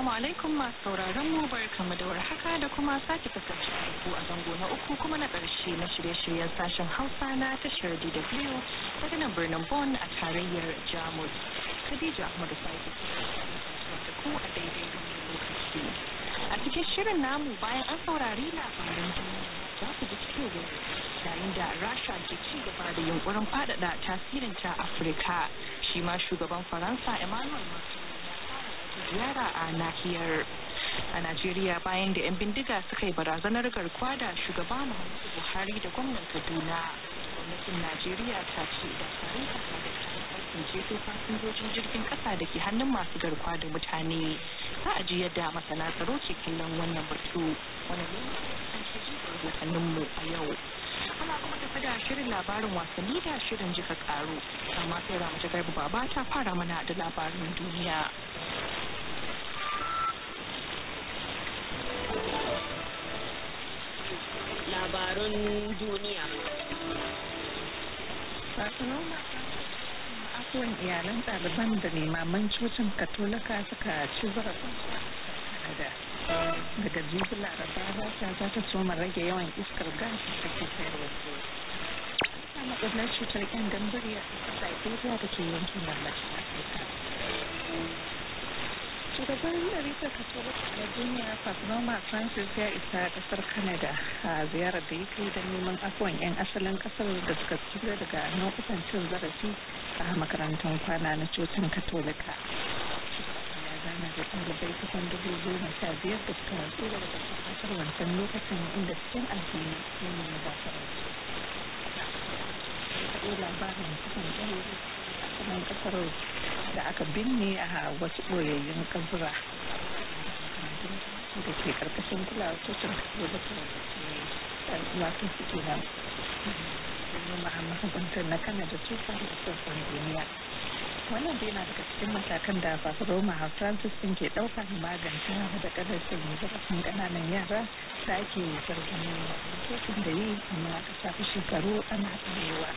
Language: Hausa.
Assalamu alaikum masu sauraron mu kama da warhaka da kuma sake kasance ku a zango na uku kuma na ƙarshe na shirye-shiryen sashen Hausa na tashar DW ta birnin Bonn a tarayyar Jamus. Khadija Ahmadu Saidu da ku a daidai lokaci. A cikin shirin namu bayan an saurari labarin duniya za ku ji cewa yayin da Rasha ke ci gaba da yunkurin faɗaɗa tasirinta Afirka shi ma shugaban Faransa Emmanuel Macron ziyara a nahiyar a najeriya bayan da 'yan bindiga suka yi barazanar garkuwa da shugaba muhammadu buhari da gwamnan kaduna gwamnatin najeriya ta ce da tsarin kasa da ceto fasinjojin jirgin kasa da ke hannun masu garkuwa da mutane za a ji yadda masana tsaro ke kallon wannan batu wani ne an ci mu a yau ana kuma tafi da shirin labarin wasanni da shirin jika karo amma sai ramata garba baba ta fara mana da labarin duniya taron duniya Akwai iyalan ɗaliban da limaman cocin katolika suka ci zarafin da daga jibi laraba rasha za ta soma rage yawan iskar gas da ke sayarwa matsalar cutar ƙin gambari a ƙasar liberia da ke yankin lallashi shugaban ɗarikar katolika na duniya fatnoma francis ya isa ƙasar canada a ziyarar da ya kai da neman afuwan 'yan asalin ƙasar da suka tura daga nau'ukan cin zarafi a makarantar kwana na cocin katolika ya gana da ɗalibai kusan dubu goma sha biyar da suka tsira daga ƙasar wancan lokacin inda cikin addini ya nemi gafararsu. labarin cikin ɗalibai a ƙasar da aka binne a wasu ɓoyayyun kabura da ke karkashin kulawa cocin kasuwa da wasu suke na noma na kanada tufa da sassan duniya wannan dai na daga cikin matakan da fasa roma a francis din ke ɗauka na magance da ƙarfin zarafin ƙananan yara da ake zargin kotun da yi na aka shafi shekaru ana tsarewa